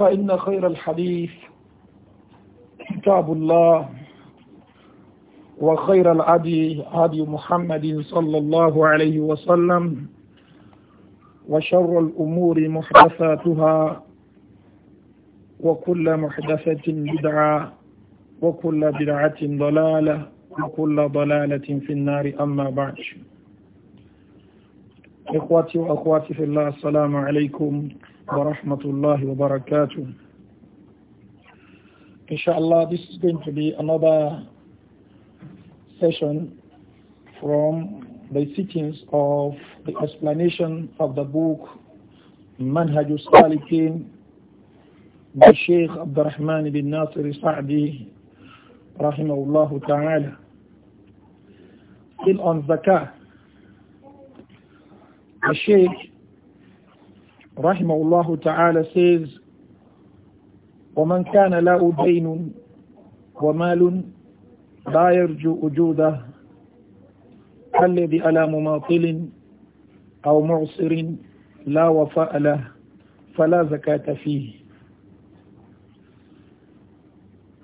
فإن خير الحديث كتاب الله وخير العدي هدي محمد صلى الله عليه وسلم وشر الأمور محدثاتها وكل محدثة بدعة وكل بدعة ضلالة وكل ضلالة في النار أما بعد إخواتي وأخواتي في الله السلام عليكم ورحمة الله وبركاته Inshallah, this is going to be another session from the sittings of the explanation of the book منهج Salikin by Sheikh Abdul Rahman bin Nasir Sa'di rahimahullah ta'ala still on zakah the Sheikh رحمه الله تعالى says, وَمَنْ كَانَ لَهُ دَيْنٌ وَمَالٌ لَا يرجو وجوده الذي على مماطل أو معصر لا وفاء له فلا زكاة فيه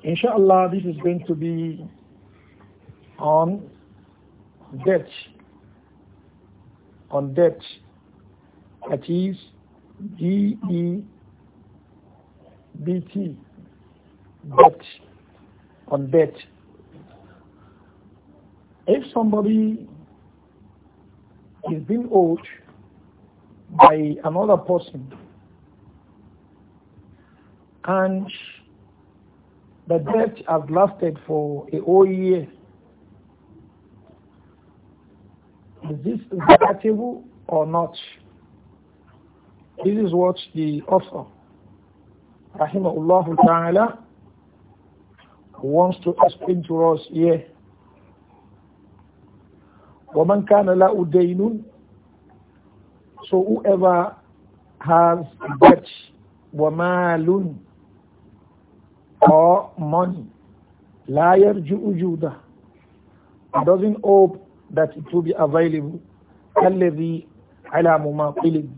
إن شاء الله this is going to be on debt, on debt, that is G E B T debt, on debt. If somebody is being owed by another person and the debt has lasted for a whole year, is this debatable or not? This is what the author, Rahimahullah Ta'ala, wants to explain to us here. وَمَنْ كَانَ لَهُ دَيْنٌ So whoever has debt, وَمَالٌ or money, لَا يَرْجُ وُجُودَهُ doesn't hope that it will be available. الَّذِي عَلَى مُمَاطِلٍ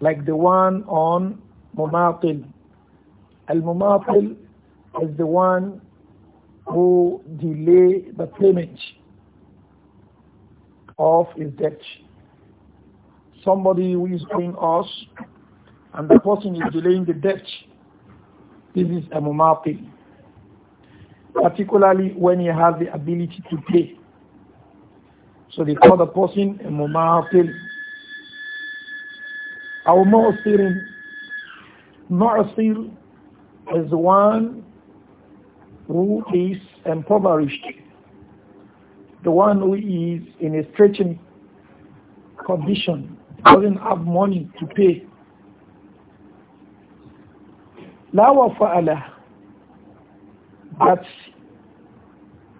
like the one on Mumatil. Al-Mumatil is the one who delay the payment of his debt. Somebody who is paying us and the person is delaying the debt. This is a Mumatil. Particularly when he has the ability to pay. So they call the person a Mumatil. أو most معصر is the one who is impoverished the one who is in a stretching condition doesn't have money to pay لا for Allah, that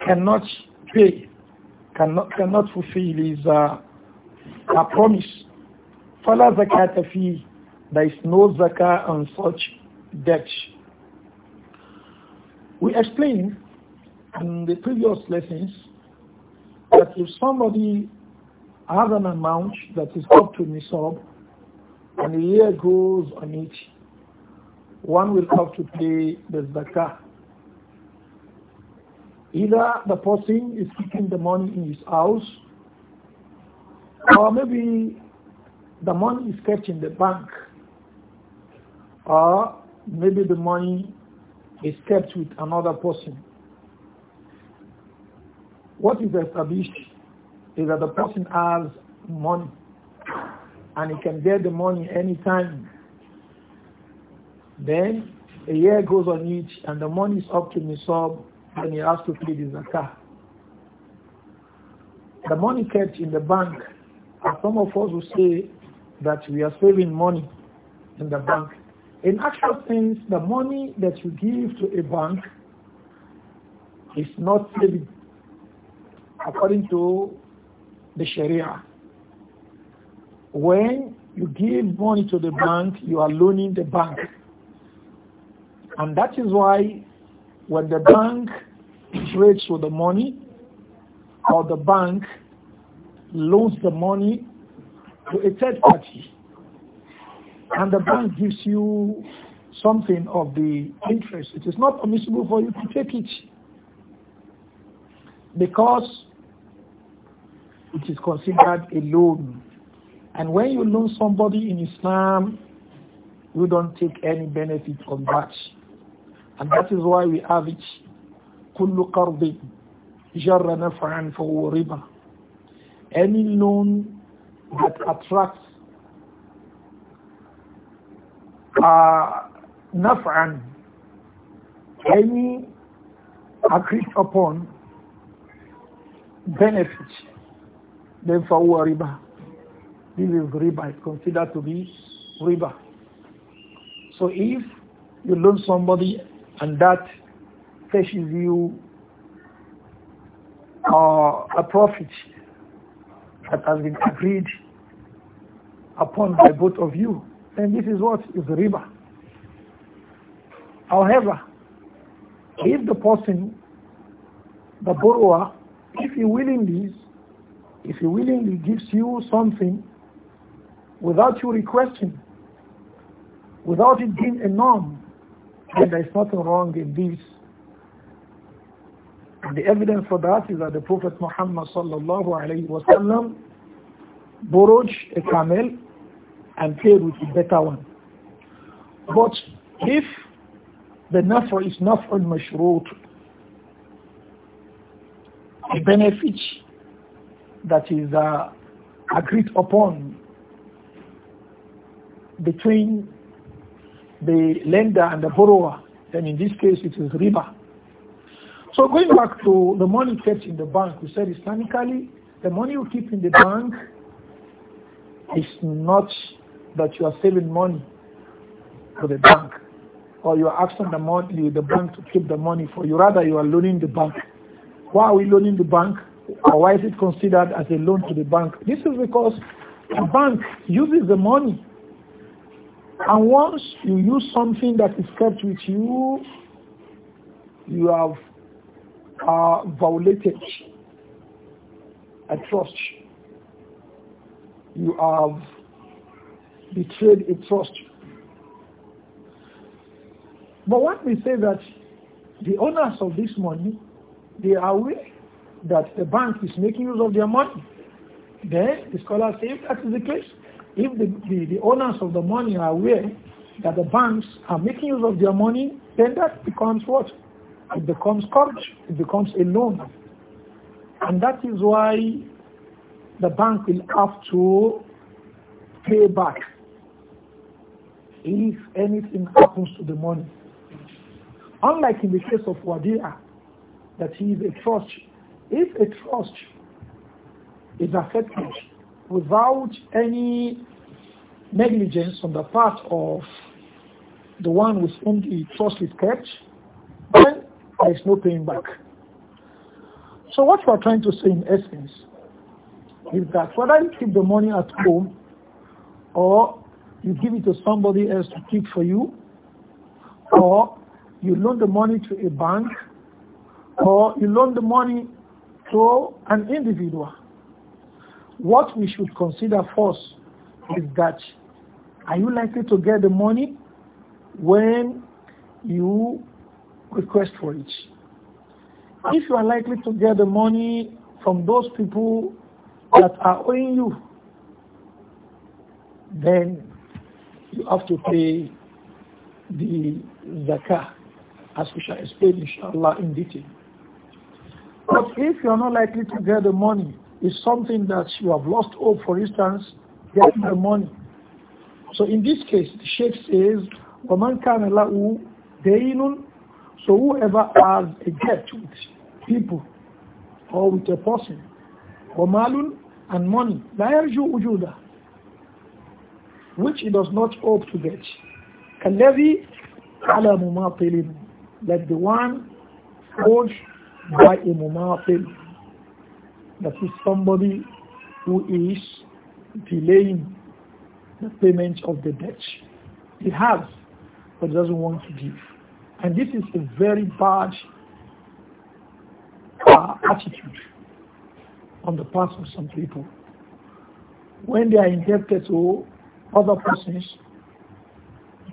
cannot pay cannot cannot fulfill his uh, promise Fala zakata fi, there is no zakah on such debt. We explained in the previous lessons that if somebody has an amount that is up to nisab and the year goes on it, one will have to pay the zakah. Either the person is keeping the money in his house, or maybe the money is kept in the bank or maybe the money is kept with another person. What is established is that the person has money and he can get the money anytime. Then a year goes on each and the money is up to Nisab and he has to pay the zakah. The money kept in the bank, as some of us will say, that we are saving money in the bank. In actual sense, the money that you give to a bank is not saving according to the Sharia. When you give money to the bank, you are loaning the bank. And that is why when the bank trades with the money or the bank loans the money to a third party and the bank gives you something of the interest, it is not permissible for you to take it because it is considered a loan. And when you loan somebody in Islam, you don't take any benefit from that. And that is why we have it. كل قرض جر نفعا فهو ربا. Any loan that attracts uh, naf'an, any agreed upon benefit, then for riba. This is riba, it's considered to be riba. So if you loan somebody and that fetches you uh, a profit that has been agreed upon by both of you. And this is what is riba. However, if the person, the borrower, if he willingly, if he willingly gives you something without you requesting, without it being a norm, then there is nothing wrong in this. And the evidence for that is that the Prophet Muhammad sallallahu alayhi wa sallam borrowed a camel and pay with a better one. But if the nafr is nafr mashrut, a benefit that is uh, agreed upon between the lender and the borrower, then in this case it is riba. So going back to the money kept in the bank, we said Islamically, the money you keep in the bank is not that you are saving money for the bank or you are asking the, money, the bank to keep the money for you. Rather, you are loaning the bank. Why are we loaning the bank? Or why is it considered as a loan to the bank? This is because the bank uses the money. And once you use something that is kept with you, you have uh, violated a trust. You have betrayed a trust. But what we say that the owners of this money, they are aware that the bank is making use of their money. Then the scholar say if that is the case, if the, the, the owners of the money are aware that the banks are making use of their money, then that becomes what? It becomes coverage. It becomes a loan. And that is why the bank will have to pay back if anything happens to the money. Unlike in the case of Wadia, that he is a trust. If a trust is affected without any negligence on the part of the one with whom the trust is kept, then there is no paying back. So what we are trying to say in essence is that whether you keep the money at home or you give it to somebody else to keep for you, or you loan the money to a bank, or you loan the money to an individual. What we should consider first is that are you likely to get the money when you request for it? If you are likely to get the money from those people that are owing you, then you have to pay the zakah, as we shall explain inshallah in detail. But if you are not likely to get the money, it's something that you have lost hope, for instance, getting the money. So in this case, the Sheikh says, وَمَنْ كَانَ لَهُ دَيْنٌ So whoever has a debt with people or with a person, وَمَالٌ and money, لَا يَرْجُوا which he does not hope to get. Kalevi ala mumatilin, like the one owed by a mumatil, that is somebody who is delaying the payment of the debt. He has, but doesn't want to give. And this is a very bad uh, attitude on the part of some people. When they are indebted to other persons,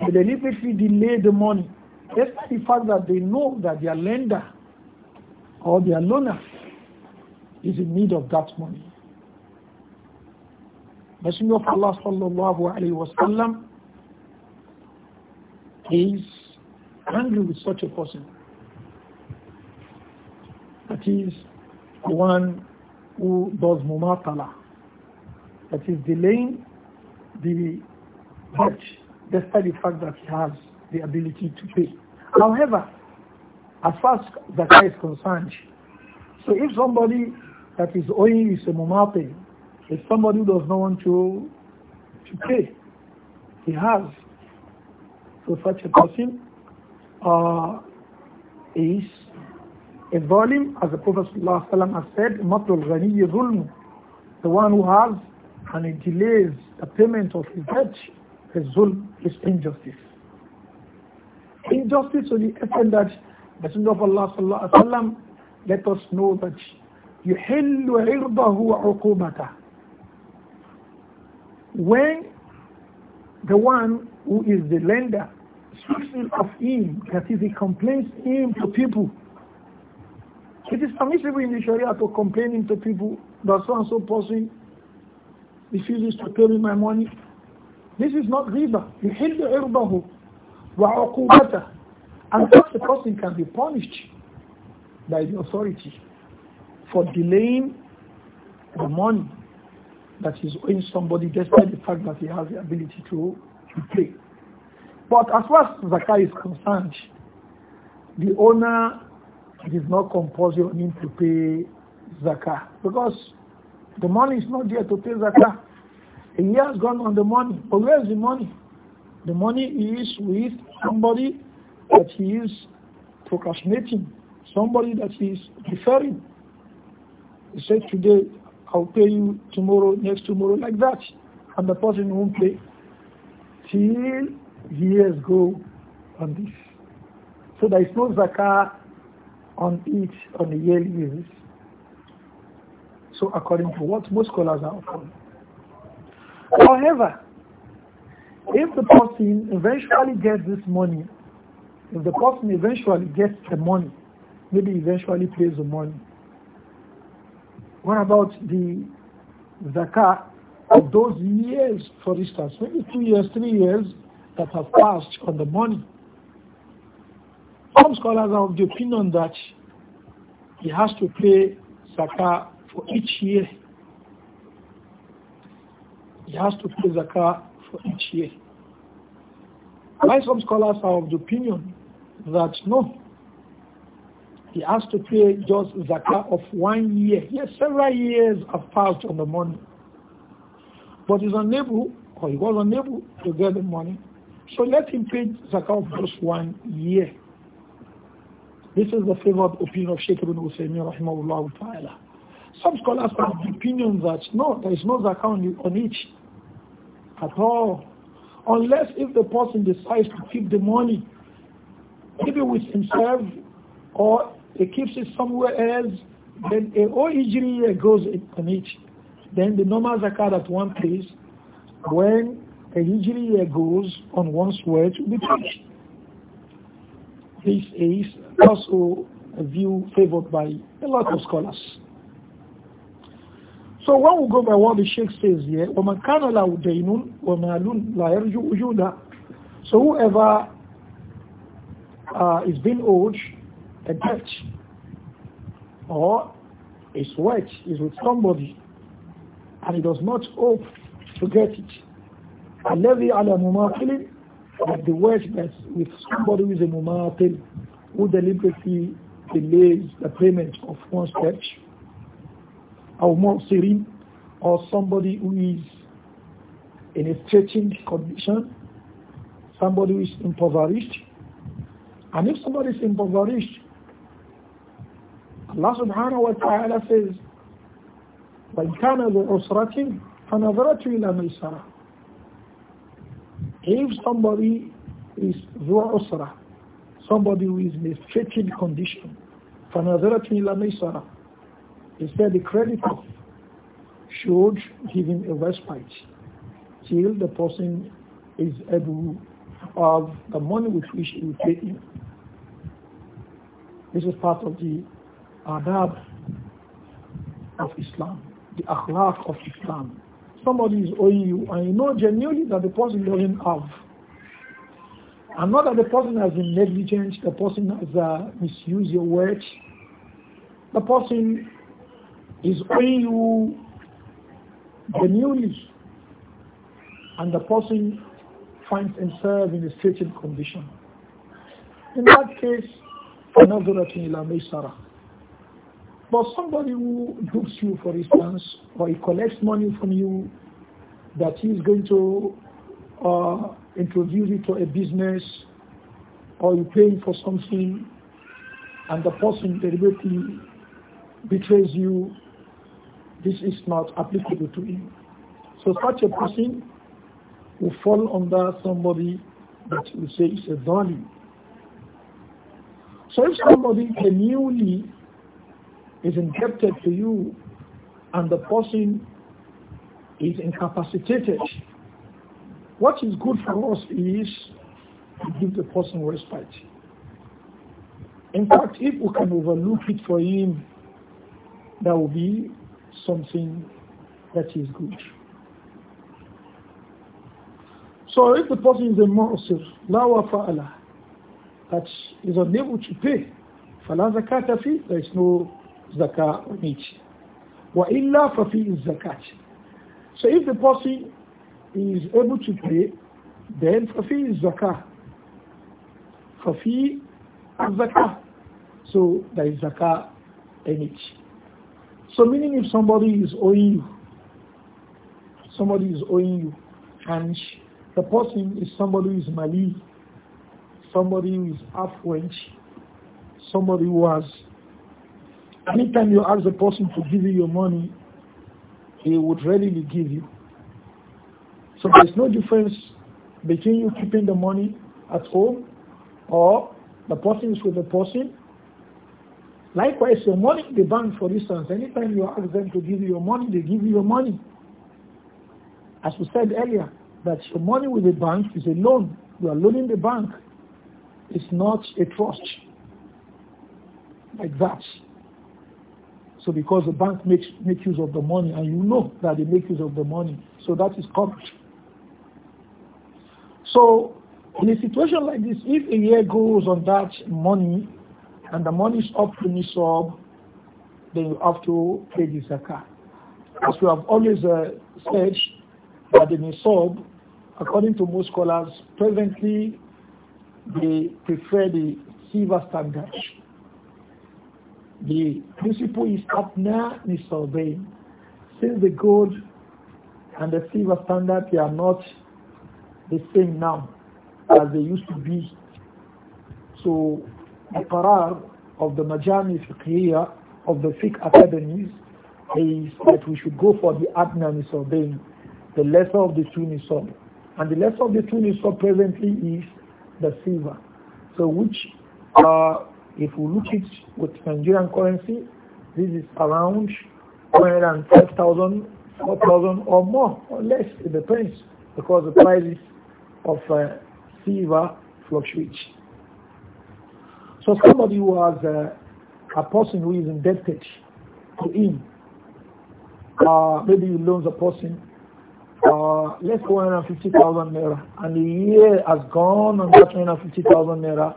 they deliberately delay the money, despite the fact that they know that their lender or their loaner is in need of that money. Messenger of Allah sallallahu alayhi wa sallam is angry with such a person. That is the one who does mumatala, that is delaying the debt, despite the fact that he has the ability to pay. However, as far as zakat is concerned, so if somebody that is owing is a mumape, if somebody who does not want to, to pay, he has. So such a person uh, is a volume, as the Prophet ﷺ has said, The one who has and it delays the payment of his debt, his zulm is injustice. Injustice only the that the Messenger of Allah sallallahu alaihi wasallam let us know that يحل عرضه وعقوبته when the one who is the lender speaks ill of him, that is, he complains him to people. It is permissible in the Sharia to complain him to people that so and so person refuses to pay me my money. This is not riba. You hit the irbahu wa uqubata. And such a person can be punished by the authority for delaying the money that is owing somebody despite the fact that he has the ability to, to pay. But as far as Zakah is concerned, the owner is not compulsory on him to pay Zakah because the money is not there to pay zakah. A year has gone on the money. But where is the money? The money is with somebody that he is procrastinating, somebody that he is deferring. He said today, I'll pay you tomorrow, next tomorrow, like that. And the person won't pay till years go on this. So there is no zakah on each on a yearly basis so according to what most scholars are upon. However, if the person eventually gets this money, if the person eventually gets the money, maybe eventually pays the money, what about the zakah of those years, for instance, maybe two years, three years that have passed on the money? Some scholars are of the opinion that he has to pay zakah for each year. He has to pay zakah for each year. Why some scholars are of the opinion that no, he has to pay just zakah of one year. Yes, several years have passed on the money. But he's unable, or he was unable to get the money. So let him pay zakah of just one year. This is the favored opinion of Sheikh ibn Uthaymeen rahimahullah ta'ala. Some scholars have the opinion that no, there is no zakat on, each at all. Unless if the person decides to keep the money, maybe with himself or he keeps it somewhere else, then a whole year goes on it. Then the normal zakat at one place, when a year goes on one's way, to be taken. This is also a view favored by a lot of scholars. So when we go by what the Sheikh says here, So whoever uh, is being owed a debt or is wet, is with somebody and he does not hope to get it. الَّذِي عَلَى مُمَاقِلٍ That the wet that's with somebody who is a mumatil who deliberately delays the payment of one's debt أو مؤصر or somebody who is in a stretching condition, somebody who is impoverished. And if somebody is impoverished, Allah subhanahu wa ta'ala says, وَإِنْ كَانَ ذُو فَنَظَرَةُ إِلَى مَيْسَرَةٍ If somebody is ذُو عُسْرَةٍ, somebody who is in a stretching condition, فَنَظَرَةُ إِلَى مَيْسَرَةٍ Instead, the creditor should give him a respite till the person is able of the money with which he will pay him. This is part of the adab of Islam, the akhlaq of Islam. Somebody is owing you, and you know genuinely that the person doesn't have. And not that the person has been negligent, the person has uh, misused your words, the person is when you genuinely and the person finds himself in a certain condition. In that case, but somebody who dupes you, for instance, or he collects money from you that he is going to uh, introduce you to a business, or you pay for something, and the person deliberately betrays you, this is not applicable to him. So such a person will fall under somebody that we say is a dolly. So if somebody genuinely is indebted to you and the person is incapacitated, what is good for us is to give the person respite. In fact, if we can overlook it for him, that will be something that is good. So if the person is a mu'sir, la wa fa'ala, that is unable to pay, فلا زكاة فيه, there is no zakah on it. وإلا ففي الزكاة. So if the person is able to pay, then ففي الزكاة. ففي الزكاة. So there is zakat on it. So meaning if somebody is owing you, somebody is owing you, and the person is somebody who is Mali, somebody who is affluent, somebody who has. Anytime you ask the person to give you your money, he would readily give you. So there's no difference between you keeping the money at home or the person is with the person Likewise, your money in the bank, for instance, anytime you ask them to give you your money, they give you your money. As we said earlier, that your money with the bank is a loan. You are loaning the bank. It's not a trust like that. So because the bank makes make use of the money and you know that they make use of the money, so that is covered. So in a situation like this, if a year goes on that money and the money is up to nisab, then you have to pay the zakah. As we have always uh, said, that the nisab, according to most scholars, presently they prefer the silver standard. The principle is atna nisabain. Since the gold and the silver standard they are not the same now as they used to be. So the qarar of the majami fiqhiyya of the fiqh academies is that we should go for the adna nisabain, the lesser of the two nisab. And the lesser of the two nisab presently is the silver. So which, uh, if we look it with Nigerian currency, this is around 105,000, 4,000 or more or less. It depends because the prices of uh, silver fluctuate. So somebody who has uh, a person who is indebted to him, uh, maybe he loans a person, uh, let's go 150,000 naira, and the year has gone on that 150,000 naira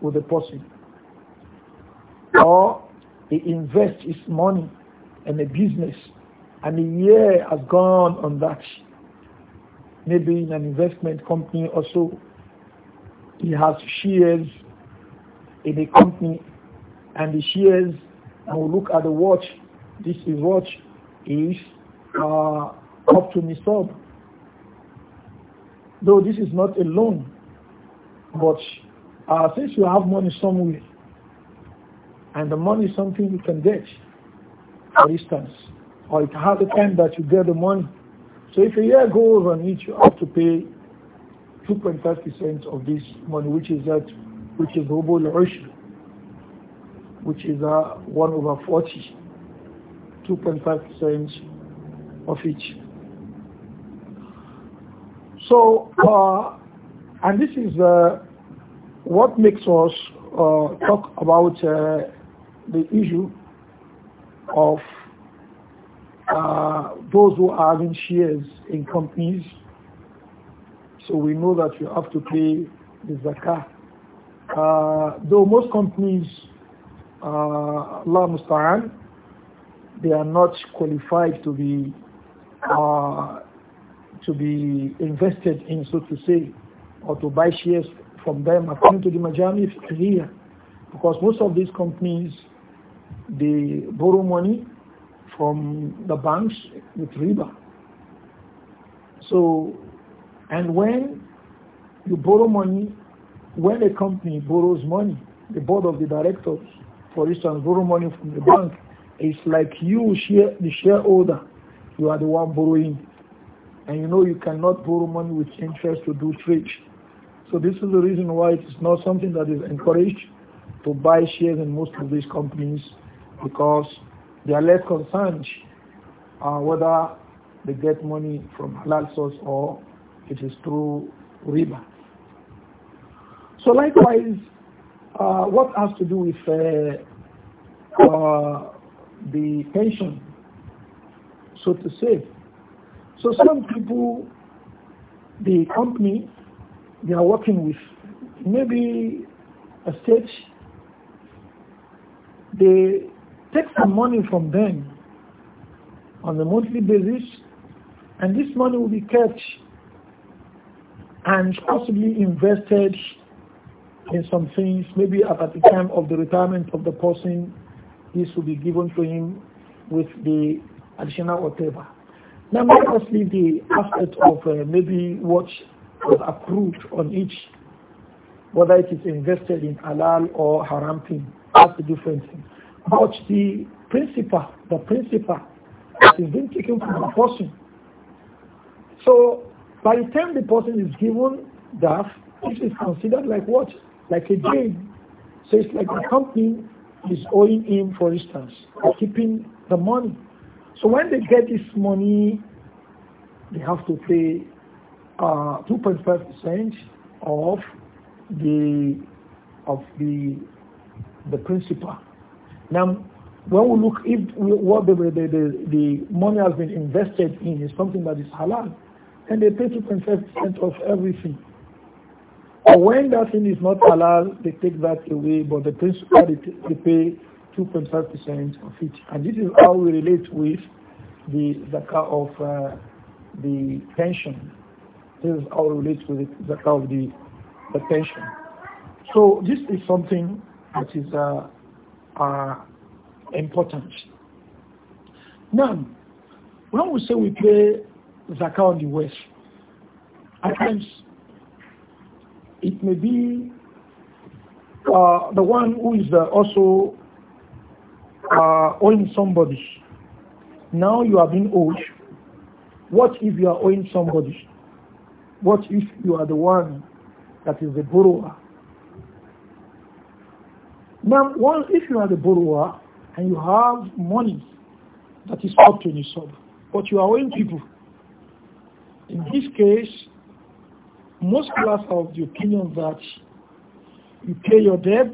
with the person. Or he invests his money in a business, and the year has gone on that. Maybe in an investment company also, he has shares in a company and the shares and we look at the watch this is watch is uh, up to nisab though this is not a loan but uh, since you have money somewhere and the money is something you can get for instance or it has the time that you get the money so if a year goes on each you have to pay 2.5% of this money which is that which is Hubul Ushb, which is a uh, 1 over 40, 2.5% of each. So, uh, and this is uh, what makes us uh, talk about uh, the issue of uh, those who are having shares in companies. So we know that you have to pay the zakah uh, though most companies, uh, Allah Musta'an, they are not qualified to be uh, to be invested in, so to say, or to buy shares from them according to the Majami here. Because most of these companies, they borrow money from the banks with riba. So, and when you borrow money when a company borrows money, the board of the directors, for instance, borrow money from the bank, it's like you, share, the shareholder, you are the one borrowing. And you know you cannot borrow money with interest to do trade. So this is the reason why it is not something that is encouraged to buy shares in most of these companies because they are less concerned uh, whether they get money from halal source or it is through riba. So likewise, uh, what has to do with uh, uh, the pension, so to say. So some people, the company they are working with, maybe a stage, they take some money from them on a monthly basis, and this money will be kept and possibly invested in some things, maybe at, the time of the retirement of the person, this will be given to him with the additional whatever. Now let us leave the aspect of uh, maybe what was accrued on each, whether it is invested in halal or haram thing. That's a different thing. But the principle, the principle that is being taken from the person. So by the time the person is given that, it is considered like what? like a day. So it's like the company is owing him, for instance, keeping the money. So when they get this money, they have to pay uh, 2.5% of the of the the principal. Now, when we look if we, what the, the, the, the money has been invested in is something that is halal, and they pay 2.5% of everything. Or when that thing is not halal, they take that away, but the principal they, they pay 2.5% of it. And this is how we relate with the zakah of uh, the pension. This is how we relate with the zakah of the, the pension. So this is something that is uh, uh, important. Now, when we say we pay zakah on the West, at times it may be uh, the one who is uh, also uh, owing somebody. Now you are being owed. What if you are owing somebody? What if you are the one that is the borrower? Now, one, if you are the borrower and you have money that is up to nisab, but you are owing people, in this case, most scholars are of the opinion that you pay your debt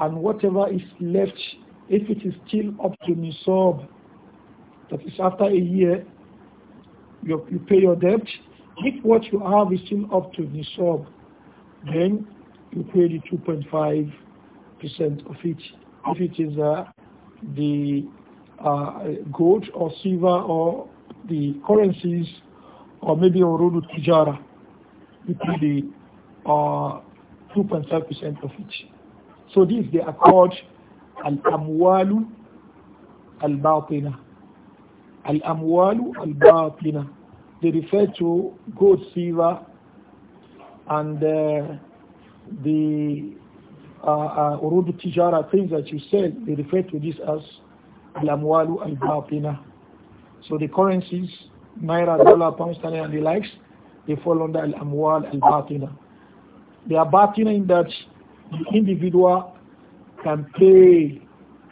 and whatever is left, if it is still up to nisab, that is after a year, you, you pay your debt. If what you have is still up to nisab, then you pay the 2.5% of it. If it is uh, the uh, gold or silver or the currencies or maybe a road tijara we the 2.5% of each. So this they are called al-amwalu al-batina. Al-amwalu al-batina. They refer to gold, silver, and uh, the urudu uh, tijara, uh, things that you sell, they refer to this as al-amwalu al-batina. So the currencies, naira, dollar, pound sterling, and the likes, they fall under al-amwal al-batina. They are batina in that the individual can pay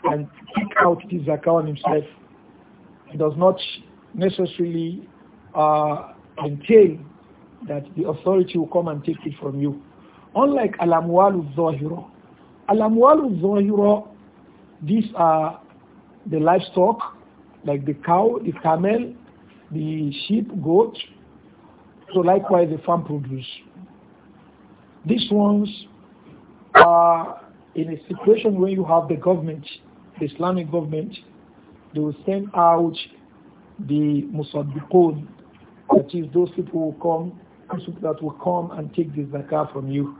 and take out his account himself. It does not necessarily uh, entail that the authority will come and take it from you. Unlike al-amwal al-zahira. Al-amwal al-zahira, these are the livestock, like the cow, the camel, the sheep, goat, so likewise the farm produce. These ones are in a situation where you have the government, the Islamic government, they will send out the musaddiqun, that is those people who come, people that will come and take the zakah from you.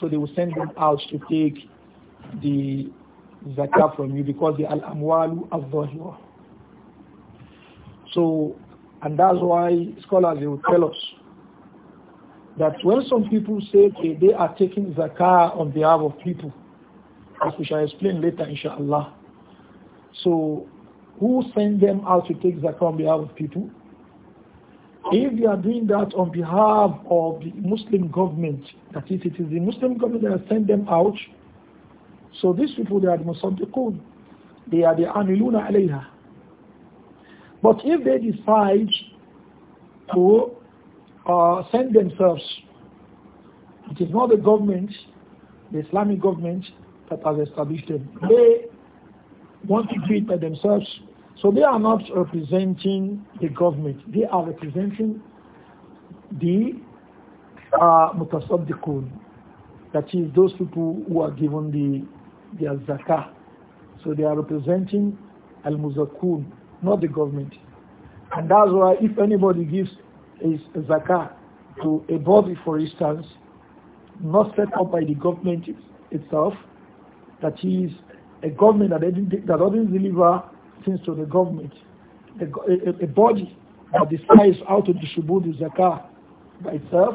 So they will send them out to take the zakah from you because the al-amwalu al-zahira. So and that's why scholars will tell us that when some people say okay, they are taking zakah on behalf of people, as we shall explain later, inshallah. So, who sent them out to take zakah on behalf of people? If they are doing that on behalf of the Muslim government, that is, it is the Muslim government that has sent them out. So these people, they are the Musaddiqun. They are the Amiluna alayha. But if they decide to uh, send themselves, it is not the government, the Islamic government, that has established them. They want to do it by themselves. So they are not representing the government. They are representing the uh, that is those people who are given the the zakah. So they are representing al-muzakun, not the government. And that's why if anybody gives his zakah to a body, for instance, not set up by the government itself, that is a government that doesn't, that doesn't deliver things to the government, a, a, a body that decides how to distribute the zakah by itself,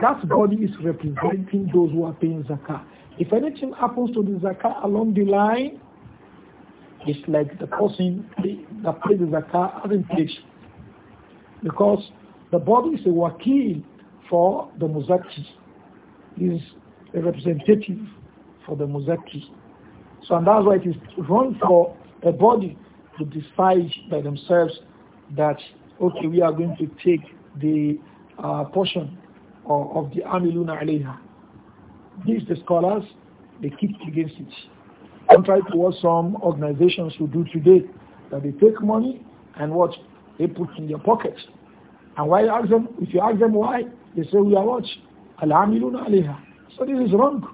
that body is representing those who are paying zakah. If anything happens to the zakah along the line, it's like the person that pays the zakah hasn't Because the body is a wakil for the muzaki, is a representative for the muzaki. So and that's why it is wrong for a body to decide by themselves that, okay, we are going to take the uh, portion of, of the amiluna alayha. These, the scholars, they keep against it. Contrary to what some organizations will do today, that they take money and what they put in their pockets. And why ask them, if you ask them why, they say we are watch alhamdulillah. So this is wrong.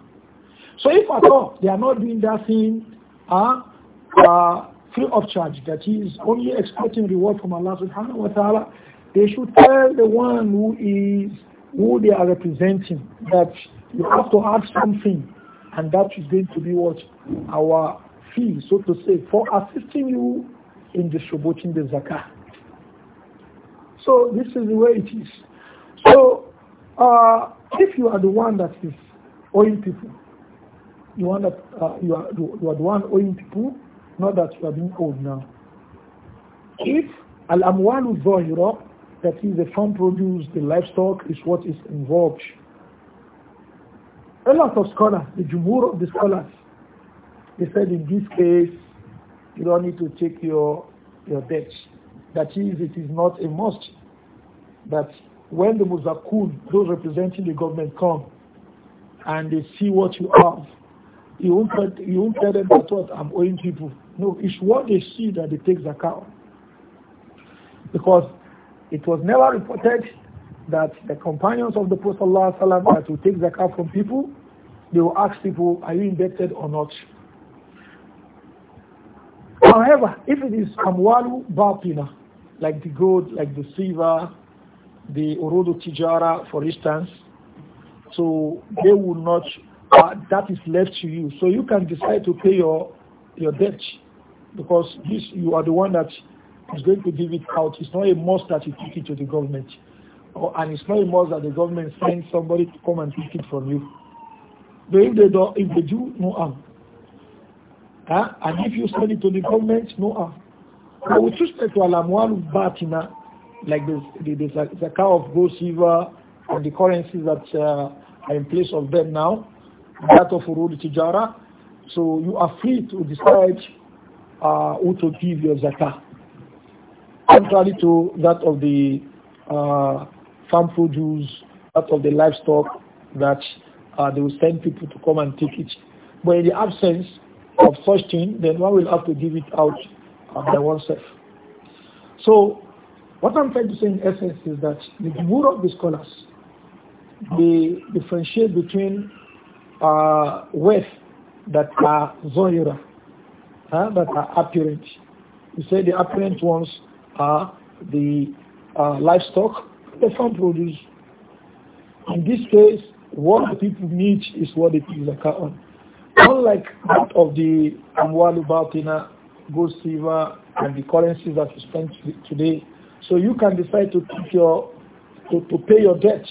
So if at all they are not doing that thing uh, uh, free of charge, that is only expecting reward from Allah subhanahu wa ta'ala, they should tell the one who is who they are representing that you have to ask something and that is going to be what our fee, so to say, for assisting you in distributing the zakah. So this is the way it is. So uh, if you are the one that is owing people, you want that uh, you are you are the one owing people, not that you are being owed now. If al amwalu zahira, that is the farm produce, the livestock is what is involved a lot of scholars, the jumhur of the scholars, they said in this case, you don't need to take your, your debt. That is, it is not a must that when the muzakun, those representing the government come, and they see what you have, you won't tell, you won't tell them that what I'm owing people. No, it's what they see that they take the on. Because it was never reported that the companions of the Prophet ﷺ that will take zakat from people, they will ask people, are you indebted or not? However, if it is amwalu batina, like the gold, like the silver, the orodo tijara, for instance, so they will not, uh, that is left to you. So you can decide to pay your, your debt because this, you are the one that is going to give it out. It's not a must that you take it to the government and it's not a must that the government sends somebody to come and take it from you. But if they do, if they do, no harm. Huh? And if you send it to the government, no harm. But with respect to Alamwal Batina, uh, like the, the, the, the of gold, silver, and the currencies that uh, are in place of them now, that of Urul Tijara, so you are free to decide uh, who to give your zakah, contrary to that of the uh, farm produce, part of the livestock that uh, they will send people to come and take it. But in the absence of such thing, then one will have to give it out uh, by oneself. So what I'm trying to say in essence is that the Jumhur of the scholars, they differentiate between uh, wealth that are zohira, uh, that are apparent. You say the apparent ones are the uh, livestock, perform produce. In this case, what the people need is what they pay car on. Unlike that of the amwalu gold, silver, and the currencies that you spend today. So you can decide to keep your to, to pay your debt.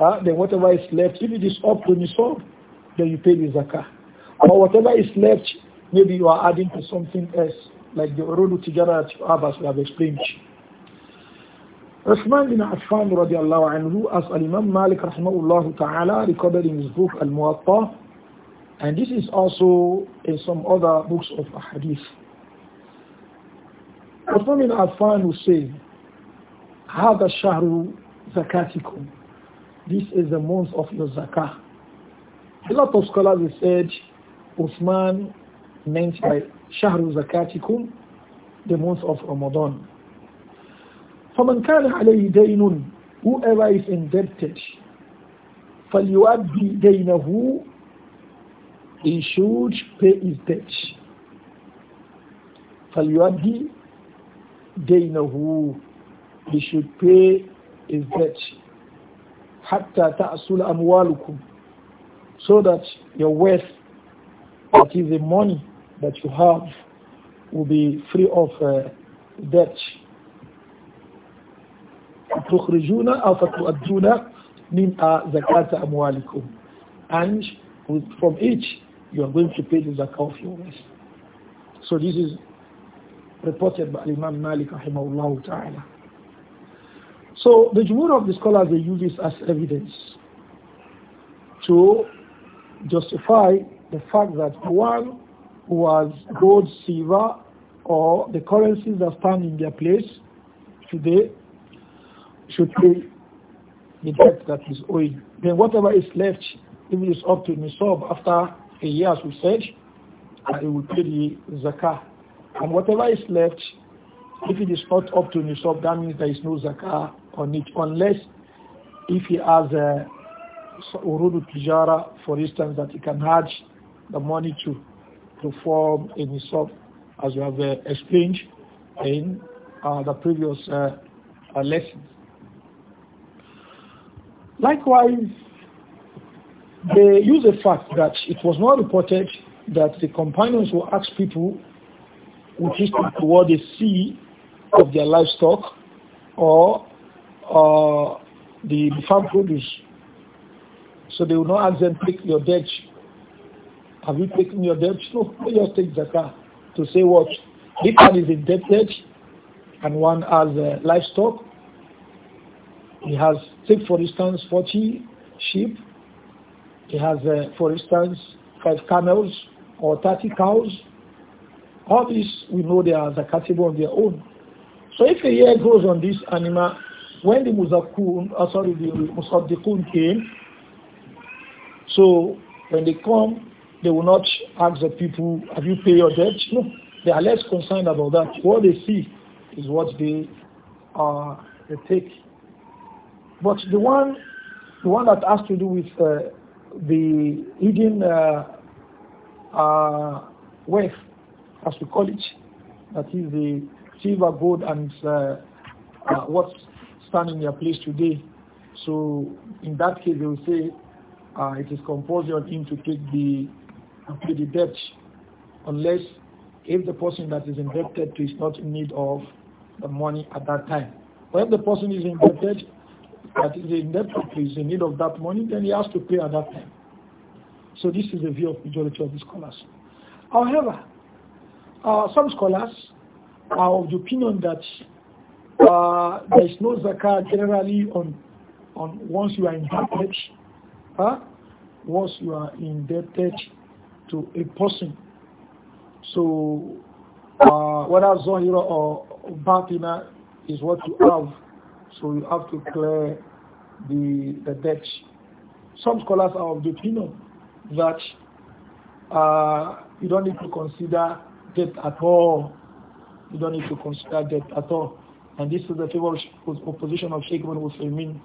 Uh, then whatever is left, if it is up to nisab, then you pay the zakah. Or whatever is left, maybe you are adding to something else, like the urudu tijara that you have, as we have explained. Uthman bin Affan radiallahu anhu, as Imam Malik rahmahullah ta'ala recorded in his book Al-Muwatta, and this is also in some other books of hadith. Uthman bin Affan will say, هذا الشهر زكاتكم. This is the month of your zakah. A lot of scholars have said Uthman meant by شهر زكاتكم, the month of Ramadan. فَمَنْ كَانَ عَلَيْهِ دَيْنٌ Whoever is indebted, فَلْيُؤَدِّي دَيْنَهُ He should pay his debt. فَلْيُؤَدِّي دَيْنَهُ He should pay his debt. حَتَّى تَأْصُلَ أَمْوَالُكُمْ So that your wealth, that is the money that you have, will be free of uh, debt. تخرجون أو فتؤدون من زكاة amwalikum, and from each you are going to pay the zakah of your So this is reported by Imam Malik rahimahullah ta'ala. So the jumhur of the scholars they use this as evidence to justify the fact that one was gold, silver, or the currencies that stand in their place today should pay the debt that is owing. Then whatever is left, if it is up to Nisab after a year, as we said, and uh, it will pay the zakah. And whatever is left, if it is not up to Nisab, that means there is no zakah on it, unless if he has a uh, urudu tijara, for instance, that he can hedge the money to, perform form a Nisab, as we have uh, explained in uh, the previous uh, uh lessons. Likewise, they use the fact that it was not reported that the companions will ask people which respect to the they see of their livestock or uh, the farm produce. So they will not ask them, take your debt. Have you taken your debt? No, they just take zakah to say what? If one is indebted and one has uh, livestock, he has Take for instance 40 sheep. He has, uh, for instance, five camels or 30 cows. All these we know they are zakatable on their own. So if a year goes on this animal, when the Muzakun, uh, sorry, the Musaddikun came, so when they come, they will not ask the people, have you paid your debt? No, they are less concerned about that. What they see is what they, uh, they take. But the one, the one that has to do with uh, the hidden uh, uh, wealth, as we call it, that is the silver, gold, and uh, uh, what stand in their place today. So in that case, they will say uh, it is compulsory on him to take the to pay the debt, unless if the person that is indebted to is not in need of the money at that time. But if the person is indebted, that is in debt is in need of that money, then he has to pay at that time. So this is the view of majority of the scholars. However, uh, some scholars are of the opinion that uh, there is no zakah generally on, on once you are indebted, huh? once you are indebted to a person. So uh, whether Zohira or Batina is what you have so you have to clear the, the debt. Some scholars are of the opinion that uh, you don't need to consider debt at all. You don't need to consider debt at all. And this is the favorable opposition of Sheikh ibn Uthaymeen,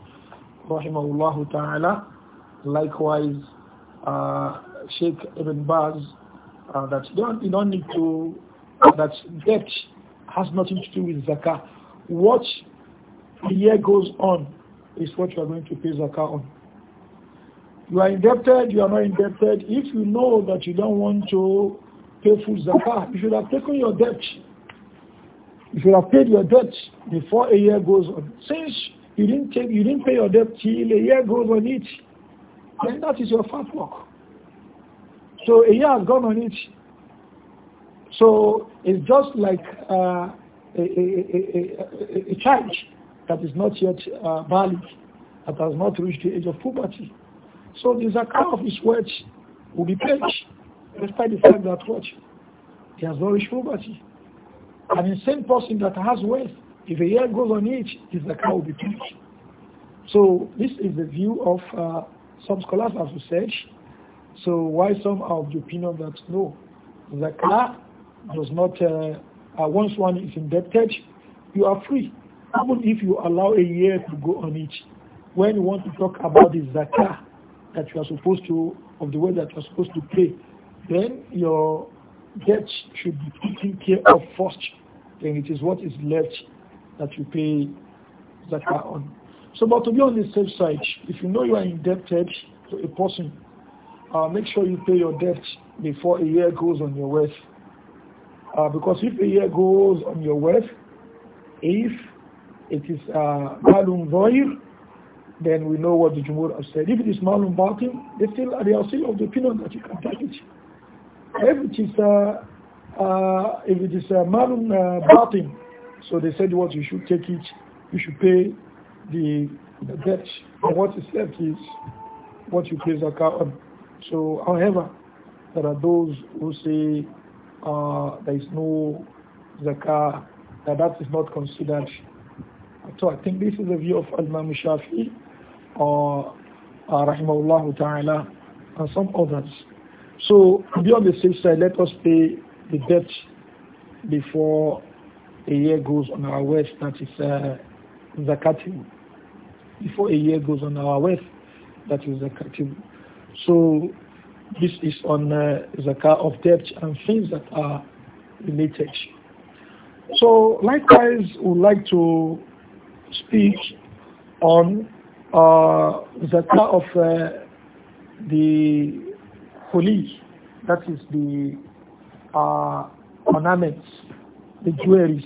rahimahullah ta'ala. Likewise, uh, Sheikh ibn Baz, uh, that you don't, you don't need to, that debt has nothing to do with zakah. What the year goes on is what you are going to pay zakah on. You are indebted, you are not indebted. If you know that you don't want to pay full zakah, you should have taken your debt. You should have paid your debt before a year goes on. Since you didn't take, you didn't pay your debt till a year goes on it, then that is your fat work. So a year has gone on it. So it's just like uh, a, a, a, a, a charge that is not yet uh, valid, that has not reached the age of puberty. So the zakah of his words will be paid, despite the fact that what? He has not reached puberty. An insane person that has wealth, if a year goes on each, his zakah will be paid. So this is the view of uh, some scholars, as we said. So why some are of the opinion that no, zakah does not, uh, uh once one is indebted, you are free even if you allow a year to go on it, when you want to talk about the zakah that you are supposed to, of the way that you are supposed to pay, then your debt should be taken care of first. Then it is what is left that you pay zakah on. So, but to be on the safe side, if you know you are indebted to a person, uh, make sure you pay your debt before a year goes on your wealth. Uh, because if a year goes on your wealth, if it is uh, malum uh, then we know what the Jumhur said. If it is malum batil, they still they are still of the opinion that you can take it. If it is uh, uh, if it is uh, malum uh, batil, so they said what you should take it, you should pay the, the debt. And what is left is what you pay zakat on. So, however, there are those who say uh, there is no zakah, that that is not considered so I think this is the view of Imam Shafi or uh, Ta'ala and some others. So be on the safe side, let us pay the debt before a year goes on our way. that is uh, zakatim. Before a year goes on our wealth, that is zakatim. So this is on uh, zakat of debt and things that are related. So likewise, we would like to speech on uh, zakah of uh, the holy, that is the uh, ornaments, the jewelries.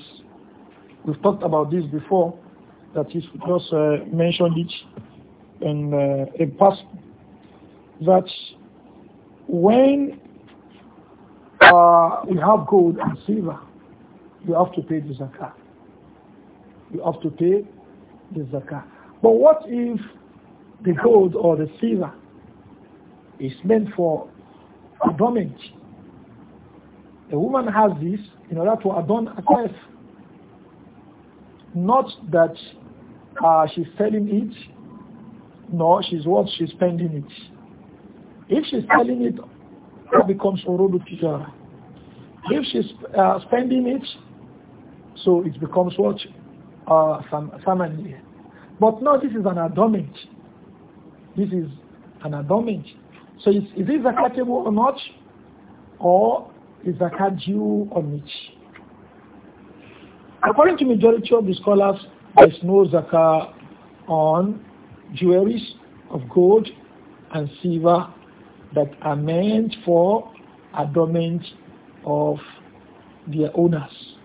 We've talked about this before, that is just uh, mentioned it in uh, a past, that when uh, we have gold and silver, you have to pay the zakah. You have to pay the zakah. But what if the gold or the silver is meant for adornment? A woman has this in order to adorn herself. Not that uh, she's selling it, nor she's what she's spending it. If she's selling it, it becomes urudu tijara. If she's uh, spending it, so it becomes what? or Samaniya. But now this is an adornment. This is an adornment. So is, is it zakatable or not? Or is zakat due on it? According to majority of the scholars, there is no zakat on jewelries of gold and silver that are meant for adornment of their owners.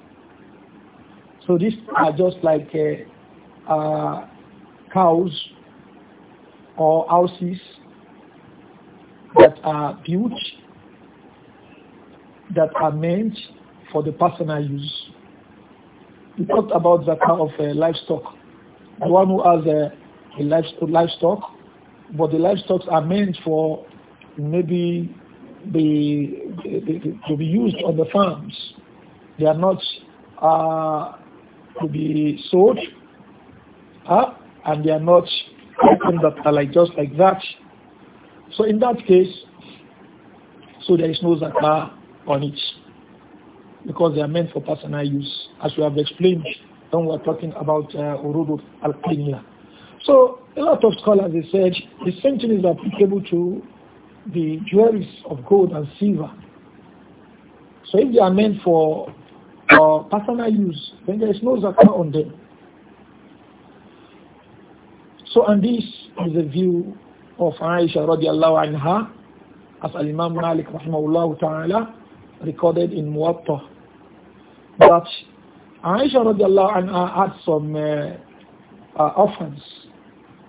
So these are just like uh, uh, cows or houses that are built, that are meant for the personal use. We talked about the kind of uh, livestock. The one who has uh, a, a livestock, but the livestock are meant for maybe be to be used on the farms. They are not uh, to be sold huh? and they are not items that are like just like that. So in that case, so there is no zakah on it because they are meant for personal use as we have explained when we are talking about uh, al -Qinla. So a lot of scholars they said the same thing is applicable to the jewelries of gold and silver. So if they are meant for for personal use, then there is no zakah on them. So, and this is the view of Aisha radiallahu anha, as Imam Malik rahimahullah ta'ala recorded in Muwatta. But Aisha radiallahu anha had some uh, uh, orphans,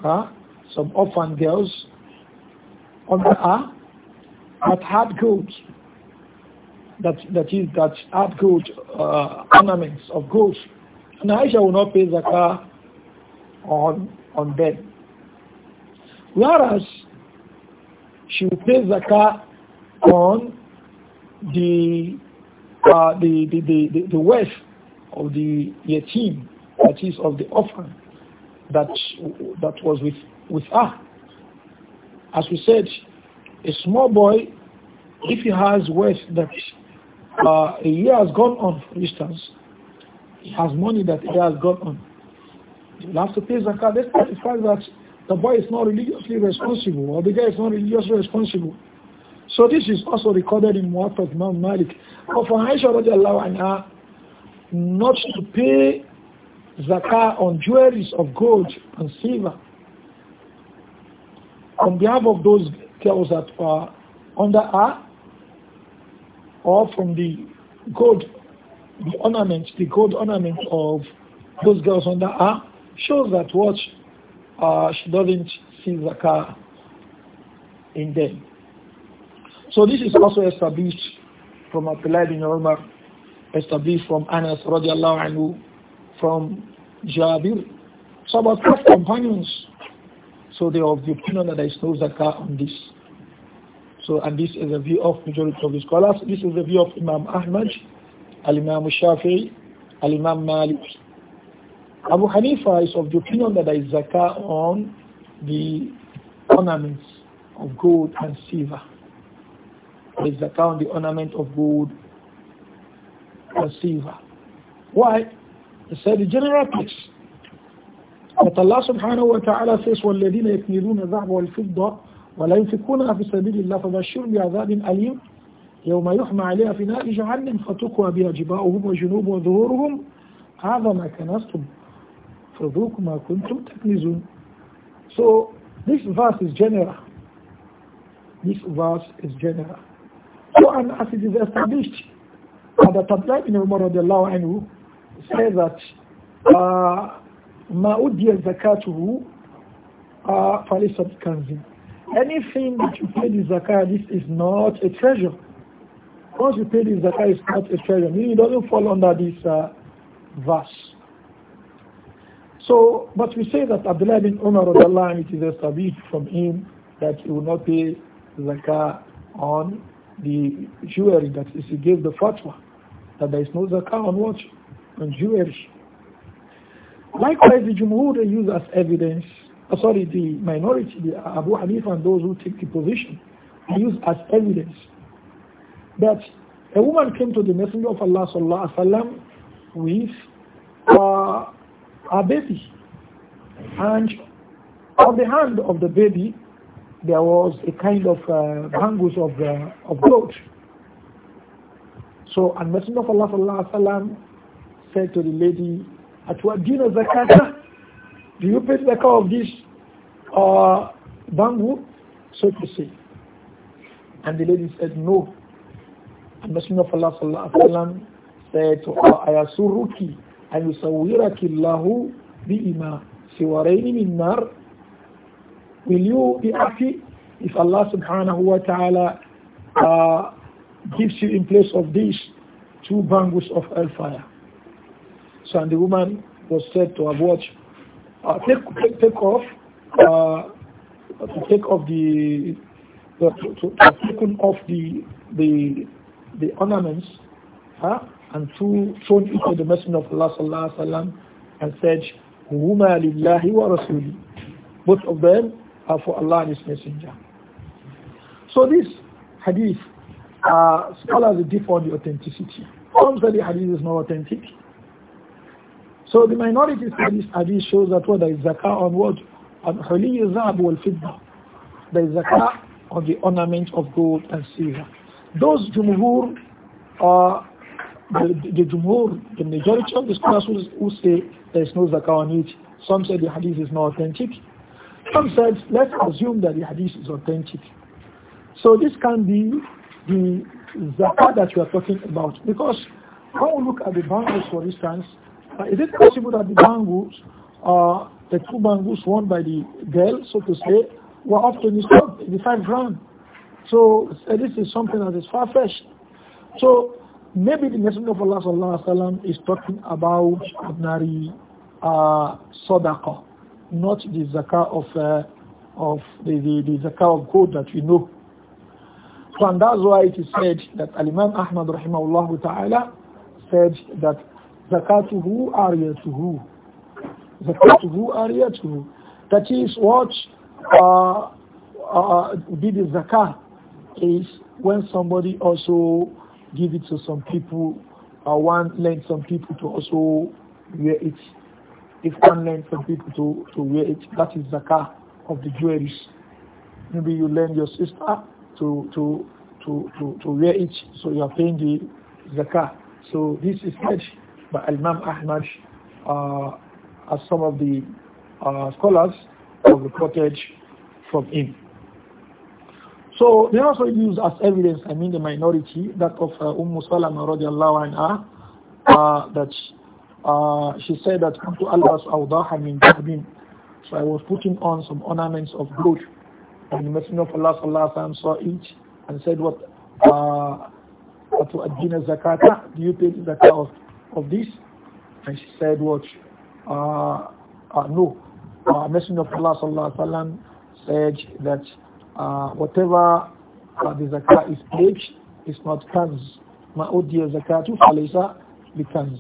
huh? some orphan girls on her that had goats that that is that had gold uh, ornaments of gold. And Aisha will not pay zakah on on them. Whereas she will pay zakah on the, uh, the, the, the, the wealth of the yatim, that is of the orphan that that was with with her. As we said, a small boy, if he has wealth that uh, a year has gone on, for instance, he has money that he has gone on. you have to pay zakat. Despite the fact that the boy is not religiously responsible or the guy is not religiously responsible. So this is also recorded in Muwatta of Imam Malik. But for Aisha radiallahu anha, not to pay zakah on jewelries of gold and silver on behalf of those girls that are under her, or from the gold, the ornaments, the gold ornaments of those girls under her shows that what uh, she doesn't see zakah in them. So this is also established from Abdullah bin Umar, established from Anas radiallahu anhu, from Jabir. So about five companions, so they are of the opinion that there is no zakah on this. So, and this is the view of majority of the scholars. This is the view of Imam Ahmad, Al-Imam Shafi'i, Al-Imam Malik. Abu Hanifa is of the opinion that there is zakah on the ornaments of gold and silver. There is zakah on the ornament of gold and silver. Why? He said the general case. But Allah subhanahu wa ta'ala says, وَالَّذِينَ يَكْنِذُونَ الذَّهَبَ وَالْفِضَّةَ ولا ينفقونها في سبيل الله فبشروا بعذاب أليم يوم يحمى عليها في نار جهنم فتقوى بها جباؤهم وجنوب وظهورهم هذا ما كنستم فذوقوا ما كنتم تكنزون So this verse is general. This verse is general. So and as it is established, at the Tablet ibn Umar radiallahu anhu says that ma uh, ما zakatuhu uh, فليس بكنز Anything that you pay the zakah, this is not a treasure. Once you pay the zakah, it's not a treasure. Meaning it doesn't fall under this uh, verse. So, but we say that Abdullah bin Umar it is established from him that he will not pay zakah on the jewelry that is, he gave the fatwa that there is no zakah on watch on jewelry. Likewise, the Jumhur use as evidence uh, sorry, the minority, the Abu Hanifa and those who take the position, use as evidence that a woman came to the Messenger of Allah sallallahu alaihi wasallam with uh, a baby, and on the hand of the baby there was a kind of uh, bangles of uh, of blood. So, and Messenger of Allah sallallahu alaihi wasallam said to the lady, "Atwadina zakata." Do you pay zakah of this uh, bamboo? So to say. And the lady said, no. And Messenger of Allah sallallahu alaihi wasallam said to her, Ayasuruki and you yusawwiraki Allahu bi'ima siwaraini min nar. Will you be happy if Allah subhanahu wa ta'ala uh, gives you in place of these two bangles of hellfire? So and the woman was said to have watched uh, take, take, take off uh, to take off the, the to, to, to taken off the the the ornaments huh? and to thrown it to the Messenger of Allah sallallahu alaihi wasallam and said, "Huma lillahi wa rasuli." Both of them are for Allah and His Messenger. So this hadith, uh, scholars differ on the authenticity. Some say the hadith is not authentic. So the minority said hadith shows that what there is zakah on what? On huliy will wal fidda. There is zakah on the ornament of gold and silver. Those jumhur are the, the jumhur, the majority of the scholars who, say there is no zakah on it. Some say the hadith is not authentic. Some said let's assume that the hadith is authentic. So this can be the zakah that you are talking about because when we look at the boundaries, for instance, uh, is it possible that the bangles are uh, the two bangles worn by the girl, so to say, were often disturbed in the five grand? So uh, this is something that is far-fetched. So maybe the Messenger of Allah sallallahu alaihi is talking about ordinary uh, sadaqah, not the zakah of uh, of the, the, the zakah of gold that we know. So and that's why it is said that Al Imam Ahmad rahimahullah ta'ala said that zakatuhu ariyatuhu. Zakatuhu ariyatuhu. That is what uh, uh, did the zakah is when somebody also give it to some people or uh, one lend some people to also wear it. If one lent some people to, to wear it, that is zakah of the jewelry. Maybe you lend your sister to to to to, to wear it, so you are paying the zakah. So this is said by Imam Ahmad uh, as some of the uh, scholars have reported from him. So they also use as evidence, I mean the minority, that of uh, Umm Salama radiallahu anha, uh, that uh, she said that unto Allah's awdaha min jahbin. So I was putting on some ornaments of gold. And the Messenger of Allah sallallahu alayhi wa saw it and said, what, uh, to adjina zakata, do you pay the zakah of of this? And she said, what? Uh, uh, no. Uh, Messenger of Allah sallallahu alaihi wasallam said that uh, whatever uh, the zakat is paid is not kanz. Ma'udiyya zakatu falaysa becomes.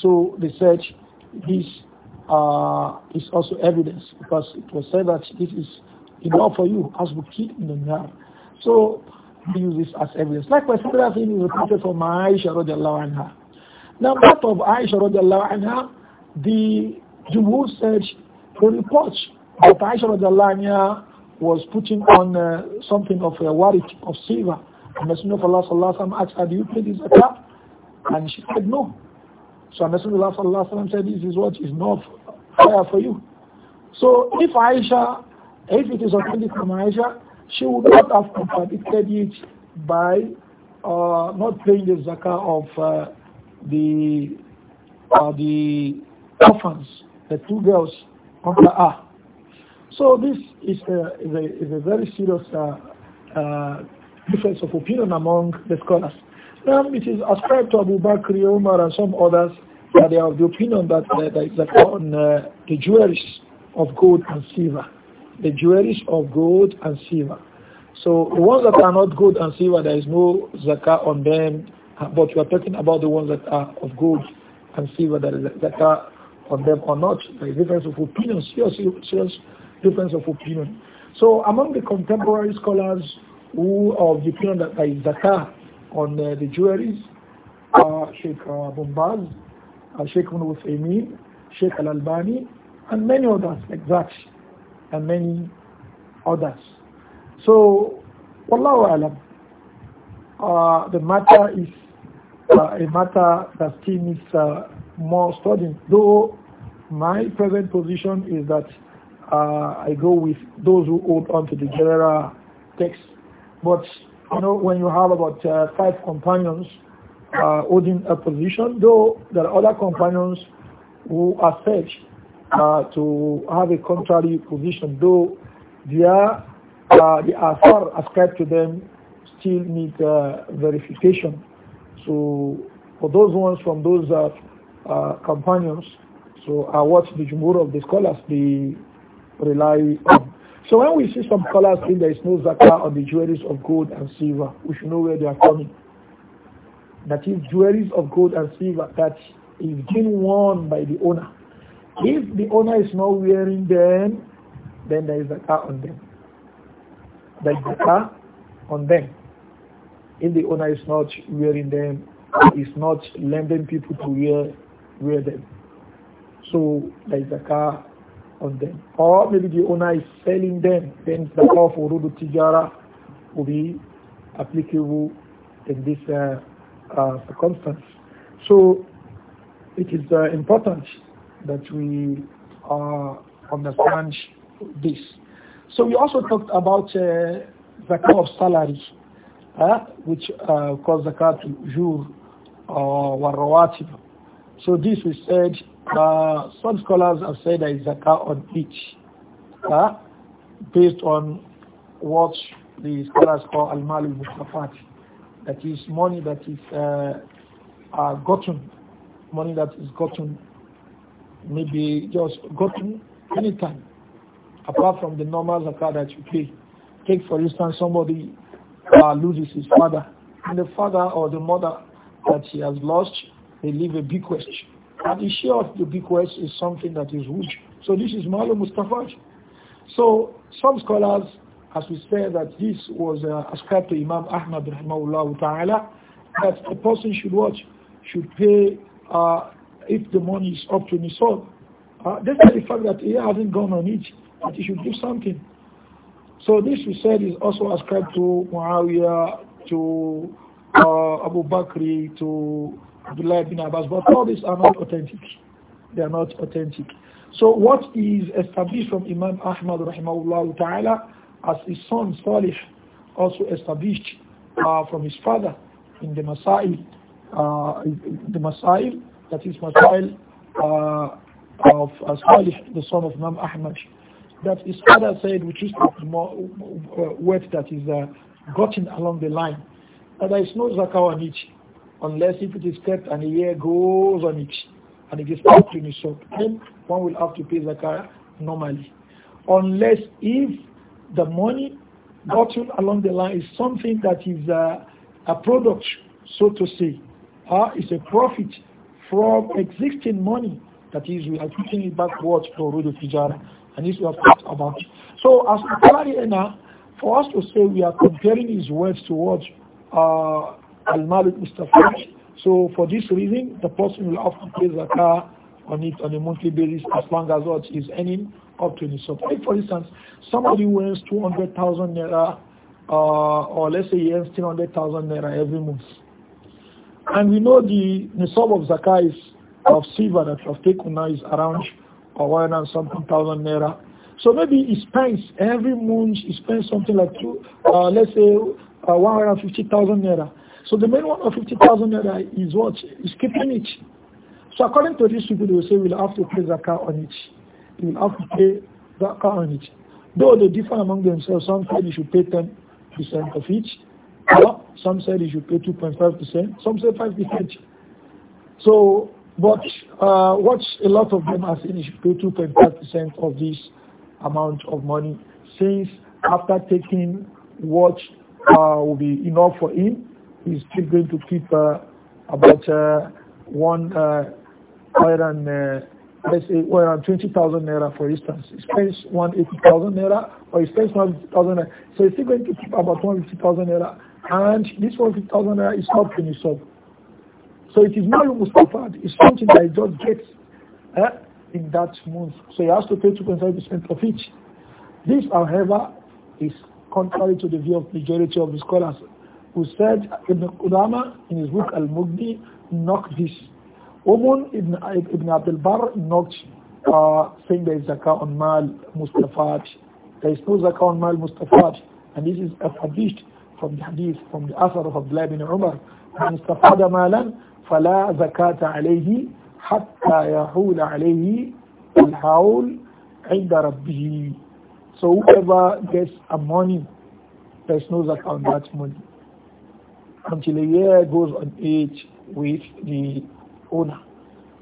So they said this uh, is also evidence because it was said that this is enough for you as we keep in the nar. So they use this as evidence. Likewise, similar thing is reported from Aisha radiallahu anha. Now that of Aisha radiallahu anha, the Jumhur said the report that Aisha radiallahu anha was putting on uh, something of a warit of silver. And Messenger of Allah sallallahu alayhi wa asked her, do you pay this zakat? And she said no. So Messenger of Allah sallallahu alayhi wa said, this is what is not fair for you. So if Aisha, if it is authentic from Aisha, she would not have contradicted it by uh, not paying the zakah of uh, the uh, the orphans, the two girls of the ah. So this is a, is a, is a very serious uh, uh, difference of opinion among the scholars. Now it is ascribed to Abu Bakr, Umar and some others that they have the opinion that uh, on uh, the jewelries of gold and silver. The jewelries of gold and silver. So the ones that are not gold and silver, there is no zakah on them but we are talking about the ones that are of gold and silver that is are on them or not. There is difference of opinion, serious, serious difference of opinion. So among the contemporary scholars who are of the opinion that there is zakah on uh, the jewelries are Sheikh uh, Bombaz, uh, Sheikh Ibn Sheikh Al-Albani, and many others like that, and many others. So, Wallahu Alam, uh, the matter is uh, a matter that still needs uh, more studying. Though my present position is that uh, I go with those who hold on to the general text. But you know, when you have about uh, five companions uh, holding a position, though there are other companions who are said uh, to have a contrary position, though their, uh, the author ascribed to them still need verification. So for those ones from those uh, uh, companions, so are uh, what the jumhur of the scholars they rely on. So when we see some scholars saying there is no zakah on the jewelries of gold and silver, we should know where they are coming. That is jewelries of gold and silver that is being worn by the owner. If the owner is not wearing them, then there is zakah on them. There is zakah on them. In the owner is not wearing them, is not lending people to wear, wear them. So there is a car on them. Or maybe the owner is selling them, then the law for Rudu Tijara will be applicable in this uh, uh, circumstance. So it is uh, important that we uh, understand this. So we also talked about uh, the of salary uh, which uh, cause zakat to ujur or uh, rawatib. So this we said, uh, some scholars have said there is zakat on each, uh, based on what the scholars call al-mal al-mustafat, that is money that is uh, gotten, money that is gotten, maybe just gotten anytime, apart from the normal zakat that you pay. Take for instance somebody uh, loses his father. And the father or the mother that he has lost, they leave a bequest. And the share of the bequest is something that is huge. So this is Malo Mustafa. So some scholars, as we say that this was uh, ascribed to Imam Ahmad rahimahullah ta'ala, that a person should watch, should pay uh, if the money is up to nisab. Uh, despite the fact that he hasn't gone on it, that he should do something. So this we said is also ascribed to Muawiyah, to uh, Abu Bakr, to Abdullah bin Abbas, but all these are not authentic. They are not authentic. So what is established from Imam Ahmad rahimahullah ta'ala as his son Salih also established uh, from his father in the Masail, uh, the Masail, that is Masail uh, of uh, Salih, the son of Imam Ahmad that is father said which is the more uh, wealth that is uh, gotten along the line. And there is no zakah on it unless if it is kept and a year goes on it and it is in finished. So then one will have to pay zakah normally. Unless if the money gotten along the line is something that is uh, a product, so to say, uh, is a profit from existing money. That is, we are putting it backwards for to Rudu Tijara. And this we have talked about. So as a for us to say we are comparing his words towards uh, Al-Malik Mustafa, so for this reason, the person will often pay zakah on it on a monthly basis as long as what is earning up to the sub. for instance, somebody who earns 200,000 naira uh, or let's say he earns 300,000 naira every month. And we know the nisab of zakah is of silver that we have taken now is around or one and something thousand naira. So maybe he spends every month he spends something like two, uh, let's say uh, one hundred and fifty thousand naira. So the main one of fifty thousand naira is what is keeping it. So according to these people, they will say we'll have to pay zakah on it. We'll have to pay zakah on it. Though they differ among themselves, some said you should pay ten percent of each. Some said you should pay two point five percent. Some say five percent. So but uh, what a lot of them are saying is pay 2.5% of this amount of money since after taking what uh, will be enough for him, he's still going to keep uh, about uh, one uh, than uh, let's say around 20,000 naira for instance. He spends 180,000 naira or he spends 150,000 naira. So he's still going to keep about 150,000 naira and this 150,000 naira is not finished up. So it is not mustafad. It's something that he just gets eh, in that month. So he has to pay 2.5% of each. This, however, is contrary to the view of majority of the scholars who said Ibn Qudama in his book Al-Mughni knocked this. Umun Ibn, Ibn Abdul Bar knocked uh, saying there is zakah on mal mustafat. There is no zakah on mal mustafat. And this is established from the hadith, from the author of Abdullah bin Umar. Man istafada malan فلا زكاة عليه حتى يحول عليه الحول عند ربه so whoever gets a money there's no zakat on that money until a year goes on age with the owner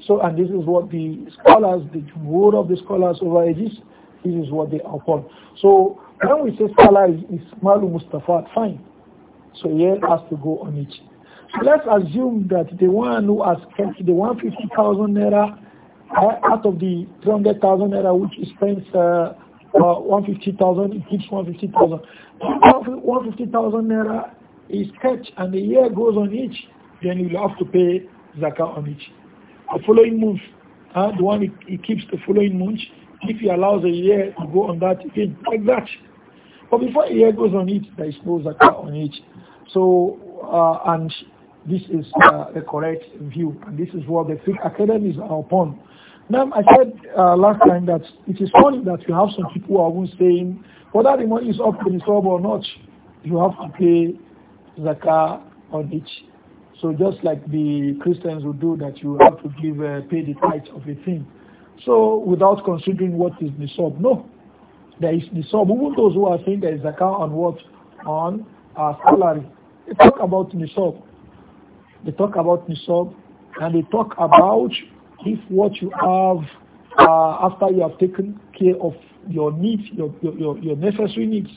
so and this is what the scholars the word of the scholars over ages this is what they are upon so when we say scholar is, malu mustafa fine so a year has to go on it let's assume that the one who has spent the 150,000 naira uh, out of the 300,000 naira which he spends uh, uh, 150,000, it keeps 150,000. 150,000 naira is kept and the year goes on each, then you will have to pay zakat on each. The following month, uh, the one he, he keeps the following month, if he allows a year to go on that again, like that. But before a year goes on each, there is no zakat on each. So, uh, and this is uh, the correct view, and this is what the fiqh academies are upon. Now, I said uh, last time that it is funny that you have some people who are saying whether the money is up to the sub or not, you have to pay zakah on it. So just like the Christians would do that, you have to give uh, pay the tithe of a thing. So without considering what is the sub, no, there is the sub. Even those who are saying there is zakah on what on uh, salary, they talk about nisab. They talk about nisab and they talk about if what you have uh, after you have taken care of your needs, your, your, your, necessary needs.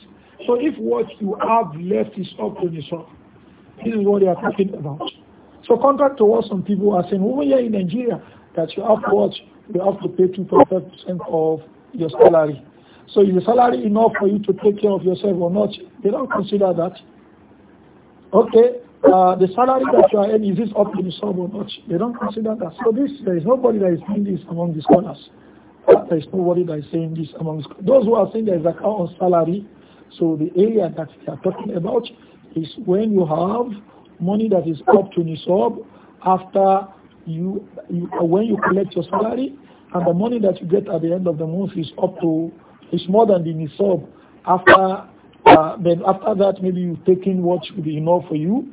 So if what you have left is up to nisab, this is what they are talking about. So contrary to what some people are saying, over here in Nigeria, that you have to you have to pay 2.5% of your salary. So is the salary enough for you to take care of yourself or not? They don't consider that. Okay, uh, the salary that you are earning, is this up to the sub or not? They don't consider that. So this, there is nobody that is saying this among the scholars. There is nobody that is saying this among those who are saying there is account on salary. So the area that we are talking about is when you have money that is up to nisab after you, you when you collect your salary and the money that you get at the end of the month is up to is more than the nisab after uh, then after that maybe you've taken what should be enough for you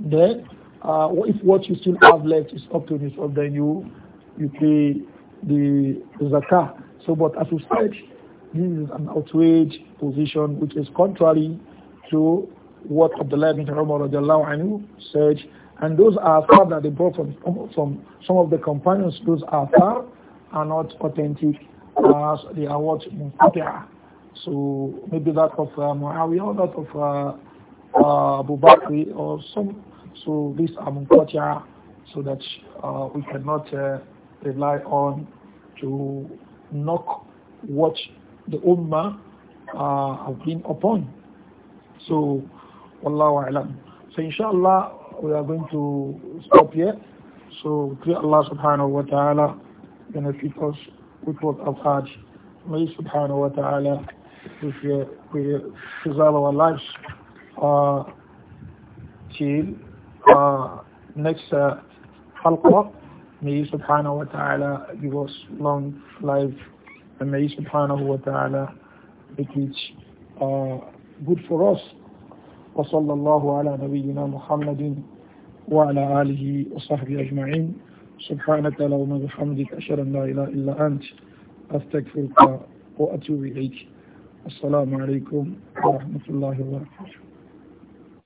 then, uh, if what you still have left is up to nisab, then you you pay the, the zakah. So, but as you said, this is an outrage position which is contrary to what Abdullah bin Umar anhu said. And those are far that they brought from, from some of the companions, those are far are not authentic as they are what Muqati'ah. So maybe that of uh, Muawiyah, that of uh, uh, Abu Bakr or some. So these are munqati'a so that uh, we cannot uh, rely on to knock what the Ummah uh, have been upon. So, Wallahu A'lam. So inshallah, we are going to stop here. So, pray Allah subhanahu wa ta'ala benefit us with what I've had. May subhanahu wa ta'ala preserve our lives. till آه، آه، آه، next halqa. May subhanahu wa ta'ala give us long life and may subhanahu wa ta'ala good for us. وصلى الله على نبينا محمد وعلى آله وصحبه أجمعين سبحانك اللهم وبحمدك أشهد أن لا إله إلا أنت أستغفرك وأتوب إليك السلام عليكم ورحمة الله وبركاته